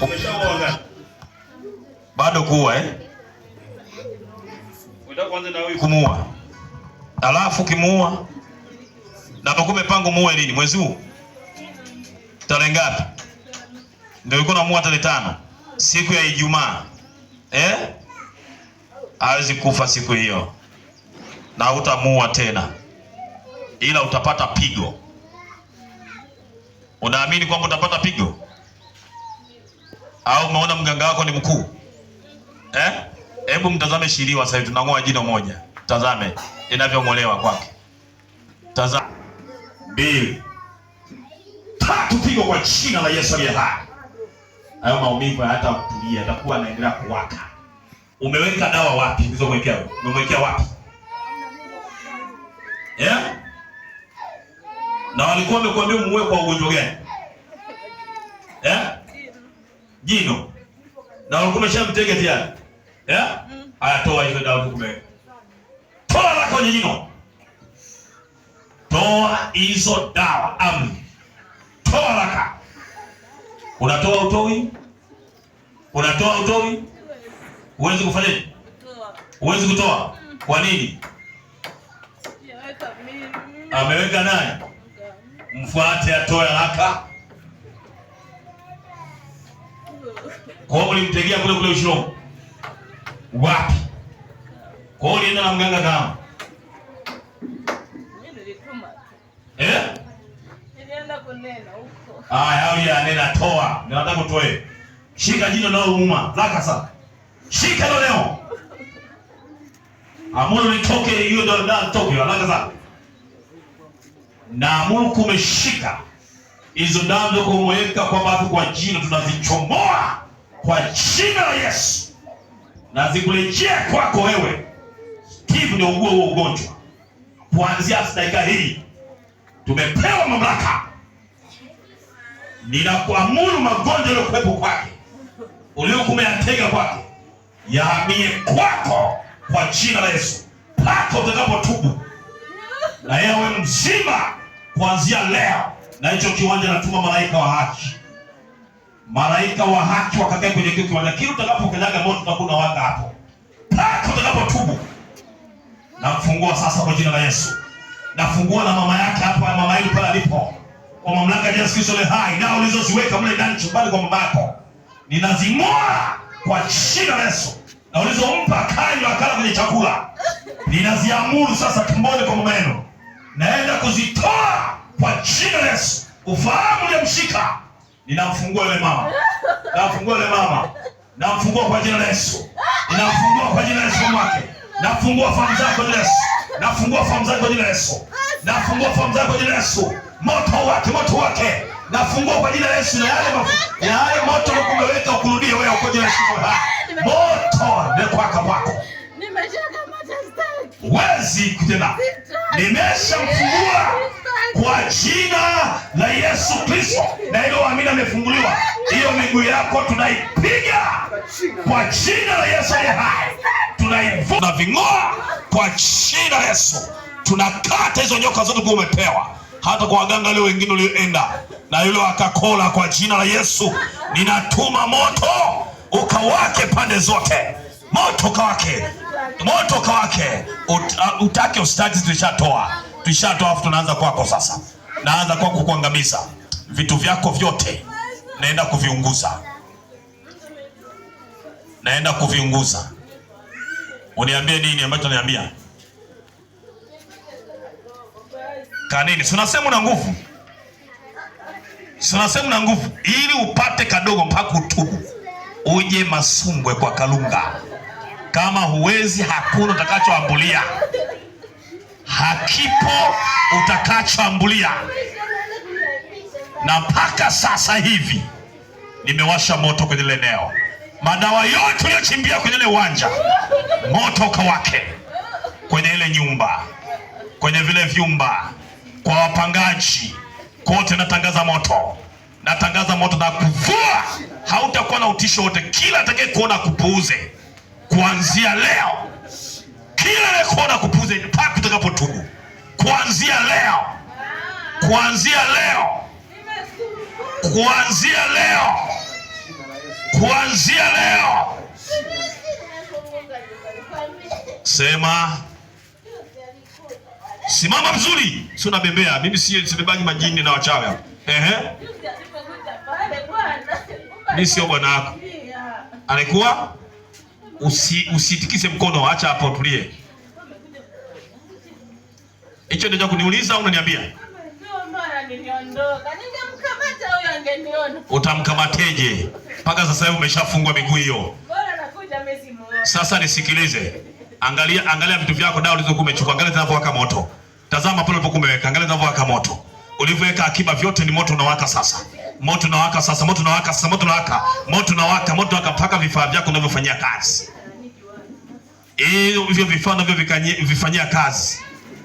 Umeshaoa Bado kuwa eh? Unataka kuanza na wewe kumuua. Alafu kimuua na pakume pango muue lini? Mwezi huu? Tarehe ngapi? Ndio yuko namuoa tarehe tano. Siku ya Ijumaa. Eh? Hawezi kufa siku hiyo. Na utamuua tena. Ila utapata pigo. Unaamini kwamba utapata pigo? Au umeona mganga wako ni mkuu eh? Hebu mtazame shiriwa sasa tunang'oa jino moja, tazame inavyong'olewa kwake. Tazame mbili tatu, pigo kwa jina la Yesu aliye hai. Hayo maumivu hata kutulia, atakuwa anaendelea kuwaka. Umeweka dawa wapi? Ulizomwekea umemwekea wapi? yeah? na walikuwa wamekuambia muue kwa ugonjwa gani? jino na ulikuwa umeshamtega tayari yeah? Mm. Haya, toa hizo dawa tukumeweka, toa la kwenye jino, toa hizo dawa amri, toa laka. Unatoa utoi, unatoa utowi, huwezi kufanya, huwezi kutoa. Kwa nini? Ameweka naye mfuate, atoe haraka Kwa hiyo mlimtegea kule kule Ushirombo. Wapi? Kwa hiyo ulienda na mganga kama? Eh? Nilienda kunena huko. Ah, yao ya nena toa. Ninataka utoe. Shika jino nalo umuma. Laka sana. Shika lo leo. Amuru nitoke hiyo ndio ndio toke. Laka sana. Na amuru kumeshika. Hizo damu ndio kumweka kwa batu kwa jino tunazichomoa kwa jina la Yesu na zikurejea kwako wewe. Steve, ndio ugue huo ugonjwa kuanzia dakika hii. Tumepewa mamlaka, ninakuamuru magonjwa yaliyokuwepo kwake uliokuwa umeyatega kwake yahamie kwako kwa jina la Yesu pako utakapotubu na yawe mzima kuanzia leo, na hicho kiwanja natuma malaika wa haki malaika wa haki wakakae kwenye kitu kiwanda. Kila utakapokanyaga moto utakuna waka hapo paka utakapotubu. Namfungua sasa kwa jina la Yesu, nafungua na mama yake hapo, mama yule pale alipo, kwa mamlaka ya Yesu Kristo le hai, na ulizoziweka mle ndani chumbani kwa mama yako ninazing'oa kwa jina la Yesu, na ulizompa kali wakala kwenye chakula ninaziamuru sasa tumboni kwa mama yenu, naenda kuzitoa kwa jina la Yesu. Ufahamu mshika ninamfungua yule mama, namfungua yule mama, namfungua kwa jina la Yesu, ninamfungua kwa jina la Yesu mwake, nafungua fahamu zako kwa jina la Yesu, nafungua fahamu zako kwa jina la Yesu, nafungua fahamu zako kwa jina la Yesu, moto wake, moto wake, nafungua kwa jina la Yesu, na yale na yale moto ulikomeweka ukurudie wewe kwa jina la Yesu, moto ni kwako kwako, nimeshakamata staki, wezi kutenda, nimeshamfungua kwa jina la Yesu Kristo. Na ile amina amefunguliwa, hiyo miguu yako tunaipiga kwa jina la Yesu aliye hai, na ving'oa kwa jina la Yesu, tunakata hizo nyoka zote kwa umepewa hata kwa waganga leo wengine ulioenda na yule akakola, kwa jina la Yesu ninatuma moto ukawake pande zote, moto ukawake, moto ukawake, uh, utake ustadi tulishatoa Tukishatoa afu tunaanza kwako sasa. Naanza kwako kuangamiza vitu vyako vyote, naenda kuviunguza, naenda kuviunguza. Uniambie nini ambacho niambia kanini? Si unasema una nguvu, si unasema una nguvu, ili upate kadogo mpaka utubu uje Masumbwe kwa Kalunga. Kama huwezi, hakuna utakachoambulia hakipo utakachoambulia. Na mpaka sasa hivi nimewasha moto kwenye ile eneo, madawa yote uliyochimbia kwenye ile uwanja, moto ukawake kwenye ile nyumba, kwenye vile vyumba, kwa wapangaji kote. Natangaza moto, natangaza moto na kuvua, hautakuwa na utisho wote. Kila atakaye kuona kupuuze, kuanzia leo kila anayekuona kupuuza mpaka utakapotubu. Kuanzia leo, kuanzia leo, kuanzia leo, kuanzia leo, sema simama vizuri, sio nabembea mimi, sibebangi majini na wachawi hapa. Ehe, mimi sio bwana wako, alikuwa usi, usitikise mkono, acha hapo, tulie. Hicho ndio cha kuniuliza au unaniambia? Utamkamateje? Mpaka sasa hivi umeshafungwa miguu hiyo. Sasa nisikilize. Angalia, angalia vitu vyako dawa ulizokuwa umechukua, angalia zinavyowaka moto. Tazama pale ulipokuwa umeweka, angalia zinavyowaka moto. Ulivyoweka akiba vyote ni moto unawaka sasa moto unawaka sasa, moto unawaka sasa, moto unawaka, moto unawaka, moto unawaka mpaka vifaa vyako unavyofanyia kazi, hivyo vifaa unavyovifanyia kazi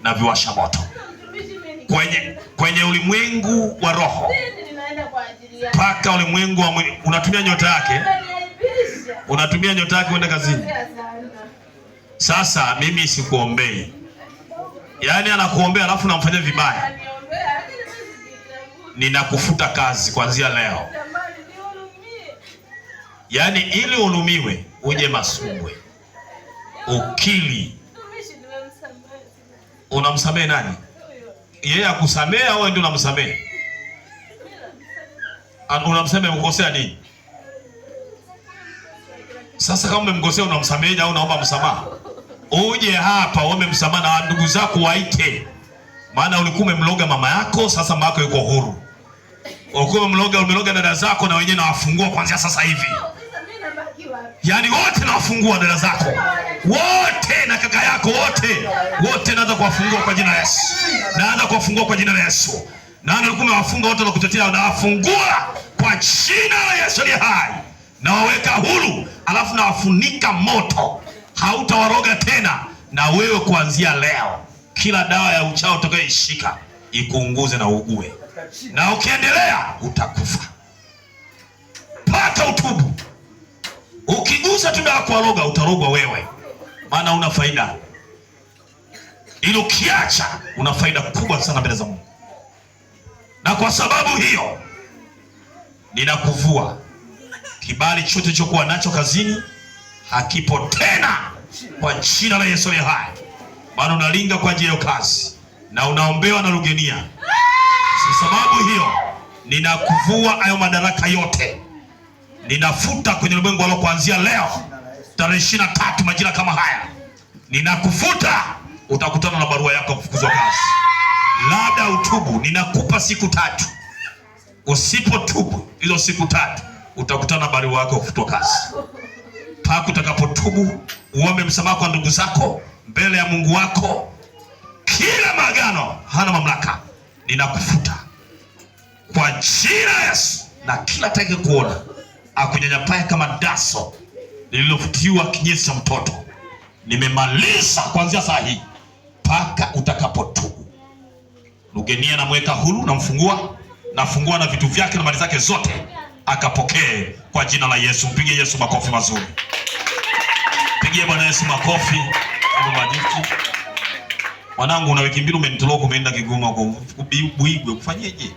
na viwasha moto kwenye, kwenye ulimwengu wa roho mpaka ulimwengu wa mwili. Unatumia nyota yake, unatumia nyota yake kwenda kazini. Sasa mimi sikuombei, yaani anakuombea alafu namfanyia vibaya ninakufuta kazi kuanzia leo. Yaani ili ulumiwe uje Masumbwe ukili unamsamehe nani? Yeye akusamehe au ndio unamsamehe? Unamsamehe mkosea nini? Sasa kama umemkosea unamsamehe au unaomba msamaha? Uje hapa uombe msamaha na ndugu zako waite, maana ulikuwa umemloga mama yako, sasa mama yako yuko huru. Wakuwa mloga umeloga dada zako na wenyewe nawafungua kuanzia sasa hivi. Oh, yaani wote nawafungua dada zako. Wote na kaka yako wote. Wote naanza kuwafungua kwa jina la Yesu. Naanza kuwafungua kwa jina la Yesu. Na ndio kumbe wote na kutetea nawafungua kwa jina la Yesu aliye hai. Nawaweka huru, alafu nawafunika moto. Hautawaroga tena na wewe kuanzia leo. Kila dawa ya uchao utakayoishika ikunguze na ugue na ukiendelea utakufa. Pata utubu. Ukigusa tunda kwa roga, utarogwa wewe, maana una faida ili ukiacha, una faida kubwa sana mbele za Mungu. Na kwa sababu hiyo ninakuvua kibali chote chokuwa nacho kazini hakipo tena kwa jina la Yesu aliye hai, maana unalinga kwa ajili ya kazi na unaombewa na Lugenia. Kwa sababu hiyo ninakuvua hayo madaraka yote, ninafuta kwenye ulimwengu wao kuanzia leo tarehe ishirini na tatu majira kama haya, ninakufuta. Utakutana na barua yako kufukuzwa kazi, labda utubu. Ninakupa siku tatu, usipotubu hizo siku tatu utakutana na barua yako kufutwa kazi Paka utakapotubu, uombe msamaha kwa ndugu zako mbele ya Mungu wako. Kila maagano hana mamlaka ninakufuta kwa jina Yesu, na kila atake kuona akunyanyapae kama daso lililofutiwa kinyesi cha mtoto, nimemaliza kuanzia saa hii mpaka utakapotubu. lugenia namweka huru, namfungua, nafungua na vitu vyake na mali zake zote, akapokee kwa jina la Yesu. Mpige Yesu makofi mazuri, pigie Bwana Yesu makofi. Mwanangu, una wiki mbili umenitoroka umeenda Kigoma kwa Buibwe, kufanyeje?